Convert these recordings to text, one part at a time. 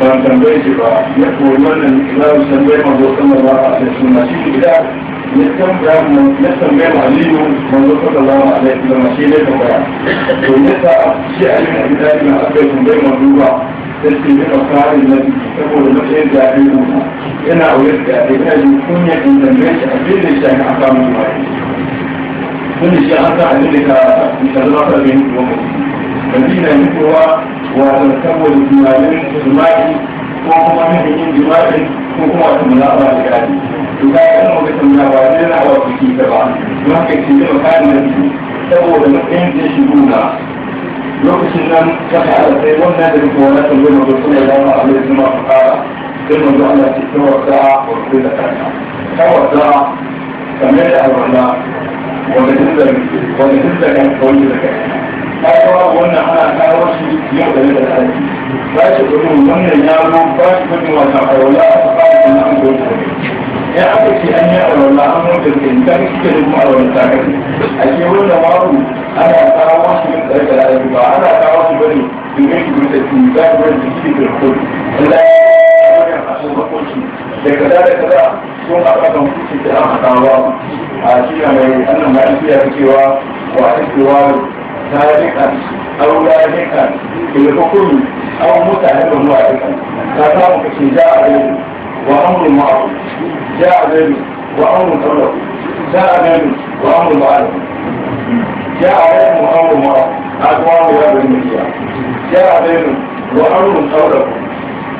ban tambaye shi ba ya koyi wannan imamu tambaye manzo sallallahu alaihi wasallam shi gida ya tambaya mu ya tambaye mu aliyu manzo sallallahu alaihi wasallam shi ne tambaya to yasa shi aliyu bin abi talib aka tambaye manzo ba sai shi ne makarin nabi saboda matsayin da ya yi yana aure da ya yi kaji kunya in tambaye shi abin da shi aka samu ba kun shi an sa abin da ka ka zama ka bin mutum madina ne kowa wato saboda tunanin jima'i ko kuma nufin yin jima'i ko kuma wata mulaba da gadi to ka yi kan wata mulaba da yana wa biki ta ba don haka ce zama kayan da su saboda matsayin da shi nuna lokacin nan ta fara sai wannan da kuma wani sun gama gudu da zama a lokacin ma su fara sai mun zuwa da cikin wata wasu da kanta ta wata kamar da alwala wanda duk da kanta wanda duk da kanta kawo wannan ana kawo shi yau da yau da tsari ba shi gudun wannan yaro ba shi gudun wannan arola a ba shi gudun an gudun ya aka ce an yi arola an mutu da ta kike da kuma arola ta kai a ke wannan maro ana kawo shi yin tsari da tsari ba ana kawo shi bane domin shi gudun da shi za shi bane da shi da kuma Allah ya yi wannan kaso makoci da kaza da kaza sun haɗa kan kuce da an haɗa wa a shi na mai annan ma'aikata cewa wa ake wa سابقا أو لاحقا في الحكم أو متعلم واحدا فقام كشي جاء غيره وأمر معروف جاء غيره وأمر قبله جاء غيره وأمر معروف جاء غيره وأمر معروف أقوام يا بني جاء غيره وأمر قبله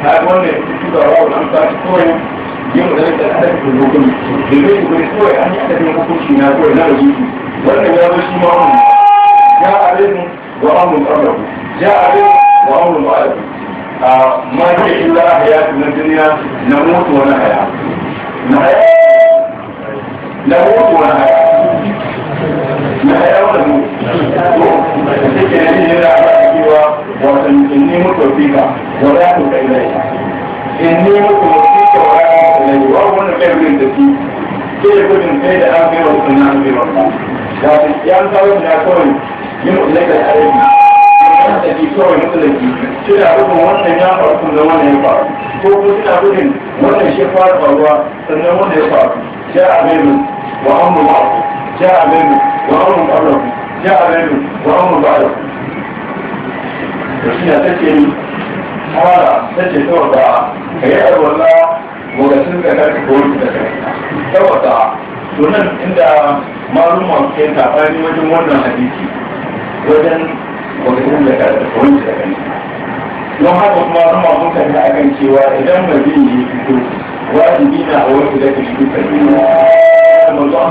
هذا هو الذي الأمثال كويس يوم ذلك الحدث في الحكم بالبيت بالسوء أن يحدث الحكم في ناقوة لا يجيب ولا يجيب ما جاء بهم وأمر الأمر جاء بهم وأمر الأمر آه، ما هي إلا من الدنيا نموت ونحيا نحيا نموت ونحيا نحيا ونموت تلك هذه الأعمال الكبيرة وإني متوفيك ولا تلك إليك إني متوفيك ولا تلك إليك وهو خير من ذكي كيف من خير أمير وصنع أمير الله لكن ينصر من أكون yin mutulaka da arabi yana da ke kawai mutulaki suna gudun wannan ya faru kun da wannan ya faru ko ko suna gudun wannan shi fara faruwa sannan wannan ya faru ja a maimu wa amma amru ma'afu ja a maimu wa amru ma'afu ja a maimu wa amru ma'afu to shi na take ni fara take saboda ka yi alwala lokacin da karka ko wani da ta saboda to nan inda malum masu kai tabani wajen wannan hadisi wajen wajen da ka wani da kan don haka kuma wani masu kan ta akan cewa idan ba zai yi fito wajibi na a wani da ka shi fito